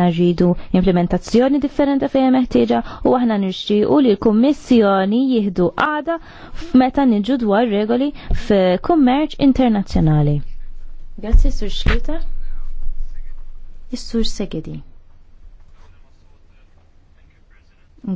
rridu implementazzjoni differenti fejn meħtieġa u aħna nixtiequ li l-Kummissjoni jieħdu għada meta niġu dwar regoli f'kummerċ internazzjonali. Grazzi Sur Xlita. Is-Sur Segedi.